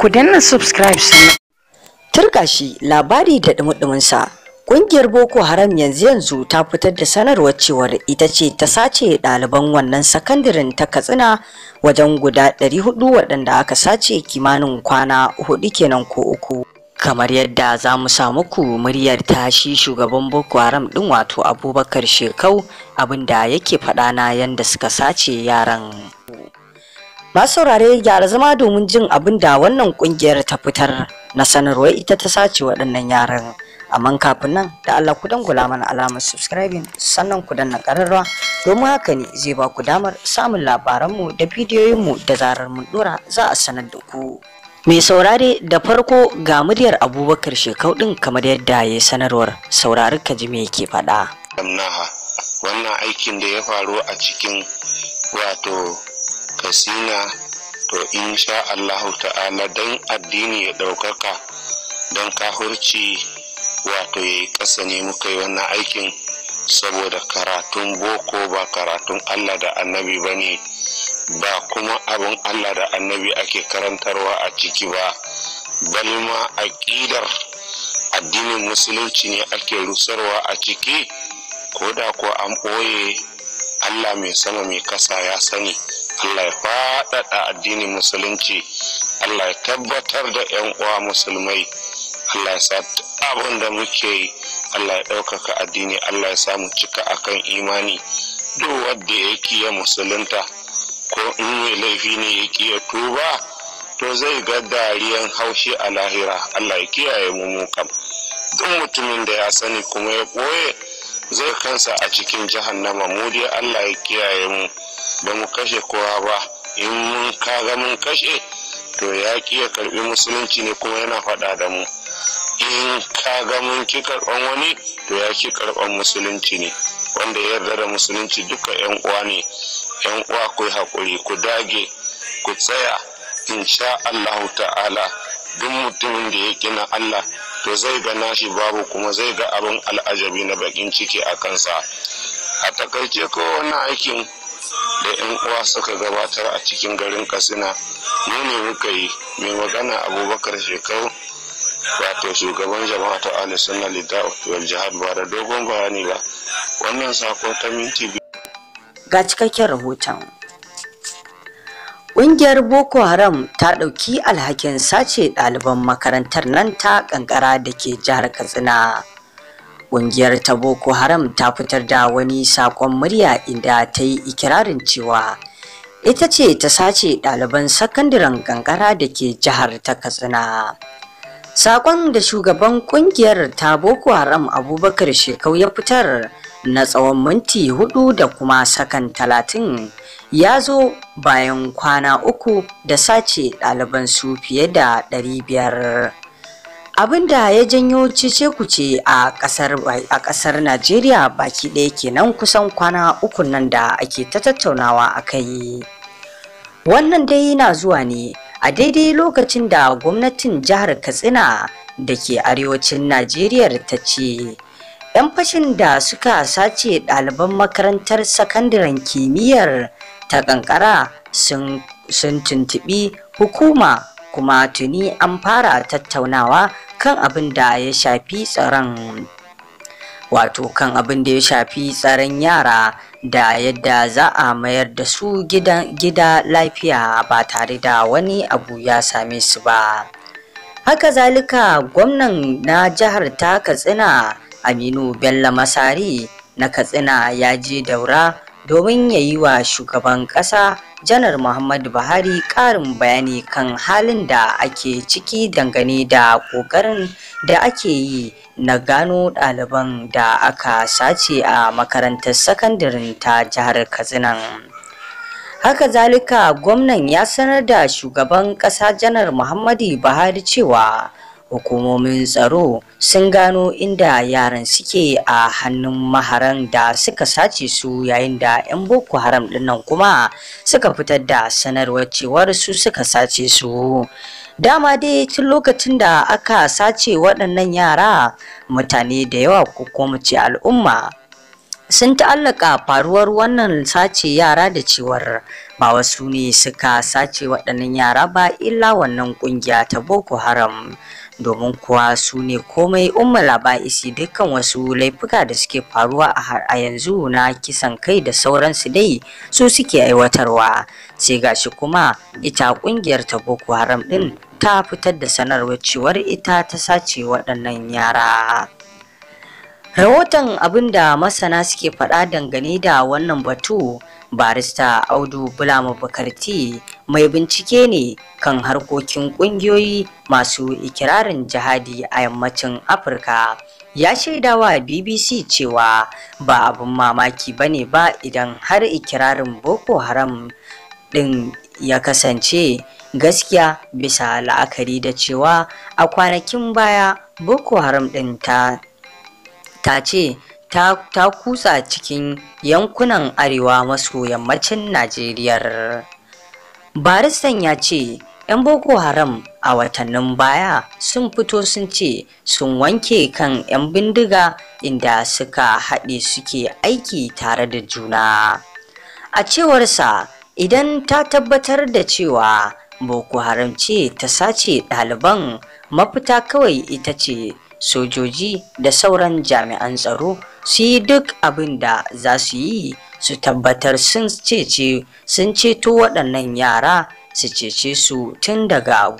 ku danna subscribe sannan Turkashi shi labari da dumudumin sa Ƙungiyar Boko Haram yanzu yanzu ta fitar da sanarwar cewar ita ce ta sace ɗaliban wannan sakandaren ta Katsina wajen guda 400 waɗanda aka sace kimanin kwana hudu kenan ko uku. Kamar yadda za mu samu ku muryar tashi shugaban Boko Haram ɗin wato Abubakar Shekau abinda yake faɗana yadda suka sace yaran. Masu saurare gyara zama domin jin abin da wannan kungiyar ta fitar na sanarwar ita ta sace waɗannan yaran. Amma kafin nan da Allah ku dan gula mana alamar subscribing sannan ku danna ƙararrawa domin haka ne zai ba ku damar samun labaranmu da bidiyoyinmu da zarar mun dora za a sanar da ku. Mai saurare da farko ga muryar Abubakar Shekau din kamar yadda ya sanarwar saurari ka ji me yake faɗa. Wannan aikin da ya faru a cikin wato kasina to insha allahu ta'ala don addini ya ɗaukaka don kahurci wato ya yi ƙasa ne muka yi wannan aikin saboda karatun boko ba karatun allah da annabi ba ne ba kuma abin allah da annabi ake karantarwa a ciki ba balma aƙidar addinin musulunci ne ake rusarwa a ciki ko da ko an ɓoye Allah mai sama mai kasa ya sani Allah ya faɗaɗa addinin musulunci Allah ya tabbatar da 'yan uwa musulmai Allah ya sa abin da muke yi Allah ya ɗaukaka addini Allah ya sa mu cika akan imani duk wanda ya kiya musulunta ko in mai laifi ne ya kiya tuba to zai ga dariyan haushi a lahira Allah ya kiyaye mu mu kam duk mutumin da ya sani kuma ya ɓoye zai kansa a cikin jahannama mu dai Allah ya kiyaye mu ba mu kashe kowa ba in mun kaga mun kashe to ya ki ya karbi musulunci ne kuma yana faɗa da mu in kaga mun ki karban wani to ya ki karban musulunci ne wanda ya yarda da musulunci duka yan uwa ne yan uwa ku hakuri ku dage ku tsaya insha Allahu ta'ala duk mutumin da ya gina Allah to zai ga nashi babu kuma zai ga abin al'ajabi na bakin ciki a kansa a takaice wani aikin da 'yan uwa suka gabatar a cikin garin katsina mu ne muka yi mai magana abubakar shekau wato shugaban jama'a ta ali sunna lidda wal jihad ba da dogon bayani ba wannan sako ta minti ga cikakken rahoton Ƙungiyar Boko Haram ta ɗauki alhakin sace ɗaliban makarantar nan ta ƙanƙara da ke jihar Katsina. Ƙungiyar ta Boko Haram ta fitar da wani saƙon murya inda ta yi ikirarin cewa ita ce ta sace ɗaliban sakandaren ƙanƙara da ke jihar ta Katsina. Saƙon da shugaban ƙungiyar ta Boko Haram Abubakar Shekau ya fitar na tsawon minti hudu da kuma sakan talatin ya zo bayan kwana uku da sace ɗaliban su fiye da 500 abinda ya janyo cece kuce a ƙasar najeriya baki ɗaya kenan kusan kwana uku nan da ake ta tattaunawa a kai wannan dai na zuwa ne a daidai lokacin da gwamnatin jihar katsina da ke arewacin najeriya ta ce 'yan fashin da suka sace ɗaliban makarantar sakandaren kimiyyar ta kankara sun tuntubi hukuma kuma tuni an fara tattaunawa kan abin da ya shafi tsaron wato kan abin da ya shafi tsaron yara da yadda za a mayar da su gida lafiya ba tare da wani abu ya same su ba haka zalika gwamnan na jihar ta katsina aminu bello masari na katsina ya je daura domin ya yi wa shugaban ƙasa janar muhammadu buhari ƙarin bayani kan halin da ake ciki dangane da ƙoƙarin da ake yi na gano ɗaliban da aka sace a makarantar sakandaren ta jihar katsina haka zalika gwamnan ya sanar da shugaban ƙasa janar muhammadu buhari cewa hukumomin tsaro sun gano inda yaran suke a hannun maharan da suka sace su yayin da 'yan boko haram dinnan kuma suka fitar da sanarwar cewar su suka sace su dama dai tun lokacin da aka sace waɗannan yara mutane da yawa ko kuma ce al'umma sun ta'allaka faruwar wannan sace yara da cewar ba wasu ne suka sace waɗannan yara ba illa wannan ƙungiya ta boko haram domin kuwa su ne komai umma laba'isi dukkan wasu laifuka da suke faruwa a har a yanzu na kisan kai da sauransu dai su suke aiwatarwa sai gashi kuma ita kungiyar ta boko haram din ta fitar da sanarwar cewar ita ta sace waɗannan yara rahoton abin da masana suke faɗa dangane da wannan batu barista audu bulama bakarti mai bincike ne kan harkokin kungiyoyi masu ikirarin jihadi a yammacin afirka ya shaidawa bbc cewa ba abin mamaki ba ne ba idan har ikirarin boko haram din ya kasance gaskiya bisa la'akari da cewa a kwanakin baya boko haram din ta ta ce ta, ta kusa cikin yankunan arewa maso yammacin najeriya baristan ya ce 'yan boko haram a watannin baya sun fito sun ce sun wanke kan 'yan bindiga inda suka haɗe suke aiki tare da juna a cewarsa idan ta tabbatar da cewa boko haram ce ta sace ɗaliban mafita kawai ita ce sojoji da sauran jami'an tsaro su yi duk abin da za su yi su tabbatar sun sun ceto waɗannan yara su ceci su tun daga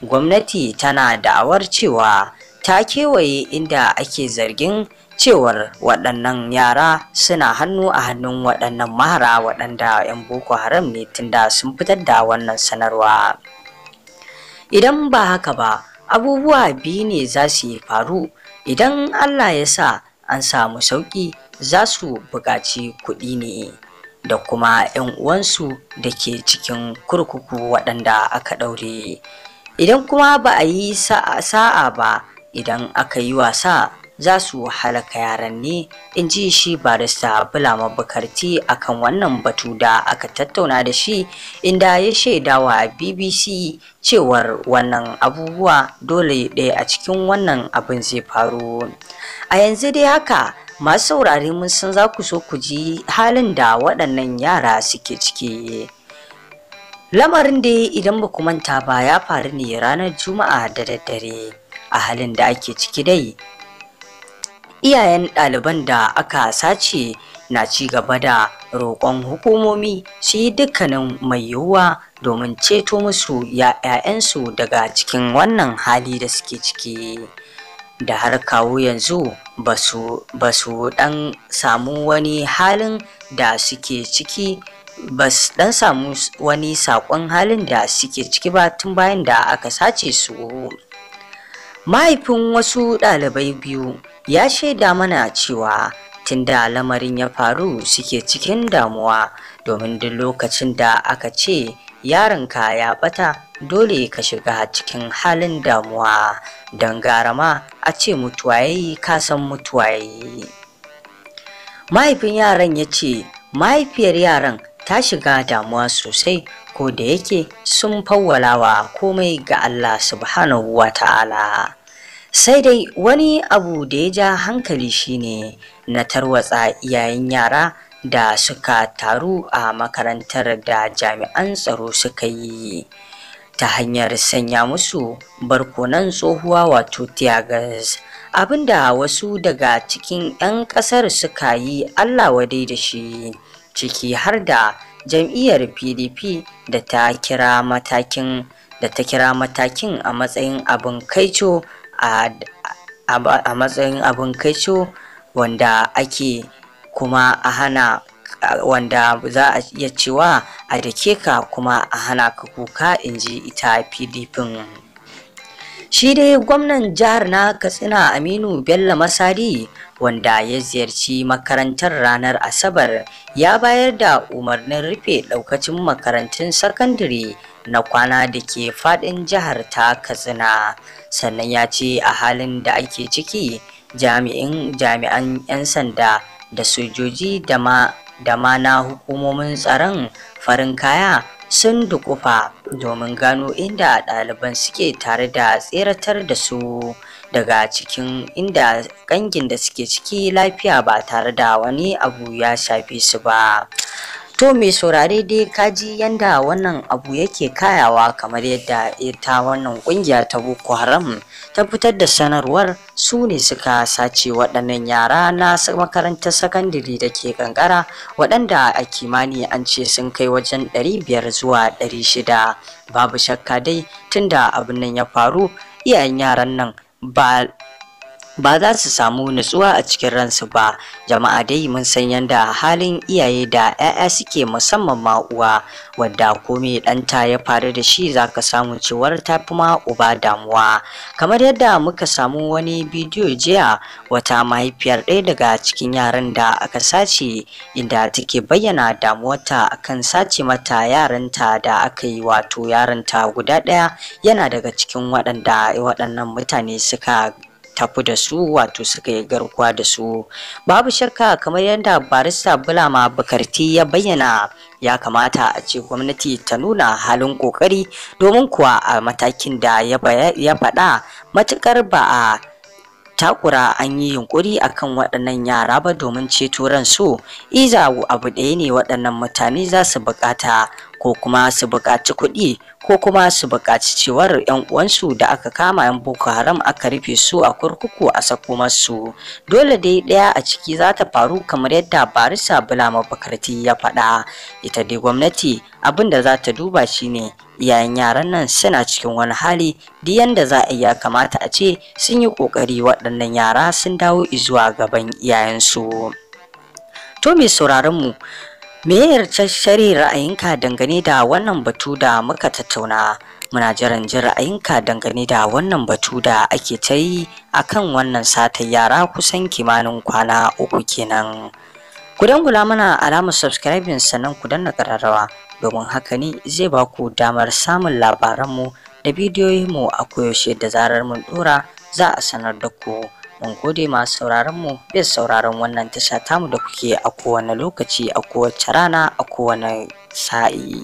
gwamnati tana da'awar cewa ta kewaye inda ake zargin cewar waɗannan yara suna hannu a hannun waɗannan mahara waɗanda 'yan boko haram ne da sun fitar da wannan sanarwa idan ba haka ba abubuwa biyu ne za su yi faru idan allah ya sa an samu sauƙi za su buƙaci kuɗi ne da kuma 'yan uwansu da ke cikin kurkuku waɗanda aka ɗaure idan kuma ba a yi sa'a ba idan aka yi wasa za su halaka yaran ne in ji shi barista bulama bukarti akan wannan batu da aka tattauna da shi inda ya shaidawa bbc cewar wannan abubuwa dole ɗaya a cikin wannan abin zai faru a yanzu dai haka masu saurare mun san za ku so ku ji halin da waɗannan yara suke ciki lamarin da idan ba ku manta ba ya faru ne ranar juma'a da daddare a halin da ake ciki dai iyayen ɗaliban da aka sace na ci gaba da roƙon hukumomi su yi dukkanin mai yiwuwa domin ceto musu ‘ya'yansu daga cikin wannan hali da suke ciki da har kawo yanzu ba su dan samu wani halin da suke ciki ba dan samu wani sakon halin da suke ciki ba tun bayan da aka sace su mahaifin wasu ɗalibai biyu ya shaida mana cewa tun da lamarin ya faru suke cikin damuwa domin duk lokacin da aka ce ka ya bata dole ka shiga cikin halin damuwa don garama a ce mutuwa yayi ka san mutuwa yayi mahaifin yaran ya ce mahaifiyar yaran ta shiga damuwa sosai ko da yake sun fawwalawa komai ga Allah subhanahu wa ta'ala sai dai wani abu da ya ja hankali shine na tarwatsa iyayen yara da suka taru a makarantar da jami'an tsaro suka yi ta hanyar sanya musu barkonan tsohuwa wato tiyagas abinda wasu daga cikin 'yan kasar suka yi allah wadai da shi ciki har da jam'iyyar pdp da ta kira matakin da ta kira matakin a matsayin abin kaico a matsayin abin kaico wanda ake kuma a hana wanda za a iya cewa a dake ka kuma a hana ka kuka in ji ita pdp shi dai gwamnan jihar na katsina aminu bello masari wanda ya ziyarci makarantar ranar asabar ya bayar da umarnin rufe daukacin makarantun sakandare na kwana da ke fadin jihar ta katsina sannan ya ce a halin da ake ciki jami'an 'yan sanda da sojoji da ma na hukumomin tsaron farin kaya sun dukufa domin gano inda ɗaliban suke tare da tseratar da su daga cikin inda kangin da suke ciki lafiya ba tare da wani abu ya shafe su ba To mai saurare dai kaji yanda wannan abu yake kayawa kamar yadda ita wannan kungiya ta Boko Haram ta fitar da sanarwar su ne suka sace waɗannan yara na makarantar sakandare da ke kankara waɗanda a kimani an ce sun kai wajen 500 zuwa 600 babu shakka dai tunda abin nan ya faru iyayen yaran nan ba ba za su samu nutsuwa a cikin ransu ba jama'a dai mun san yadda halin iyaye da 'ya'ya suke musamman ma uwa wadda komai ɗanta ya faru da shi za ka samu cewar ta fi ma uba damuwa kamar yadda muka samu wani bidiyo jiya wata mahaifiyar ɗaya daga cikin yaran da aka sace inda take bayyana damuwarta akan sace mata yaranta da aka yi wato yaranta guda ɗaya yana daga cikin waɗanda waɗannan mutane suka tafi da su wato suka yi garkuwa da su babu shakka kamar yadda barista bulama bukarti ya bayyana ya kamata a ce gwamnati ta nuna halin kokari domin kuwa a matakin da ya faɗa matukar ba a takura an yi yunkuri akan waɗannan yara ba domin ceto ransu iza abu ɗaya ne waɗannan mutane za su buƙata ko kuma su buƙaci kuɗi ko kuma su buƙaci cewar 'yan uwansu da aka kama 'yan boko haram aka rufe su a kurkuku a sako masu dole dai ɗaya a ciki za ta faru kamar yadda barisa bulama bakarti ya faɗa ita dai gwamnati abin da za ta duba shine iyayen yaran nan suna cikin wani hali duk yanda za a iya kamata a ce sun yi ƙoƙari waɗannan yara sun dawo izuwa gaban iyayensu to mai sauraron mu Me shari ra'ayinka dangane da wannan batu da muka tattauna? Muna jiran jin ra'ayinka dangane da wannan batu da ake ta yi a kan wannan sata yara kusan kimanin kwana uku kenan. Ku dangula mana alamar subscribing sannan ku danna kararrawa domin haka ne zai ba ku damar samun labaranmu da bidiyoyinmu a koyaushe da zarar mun ɗora za a sanar da ku. Mun gode ma sauraron mu da sauraron wannan tasha tamu da kuke a kowane lokaci a kowace rana a kowane sa'i.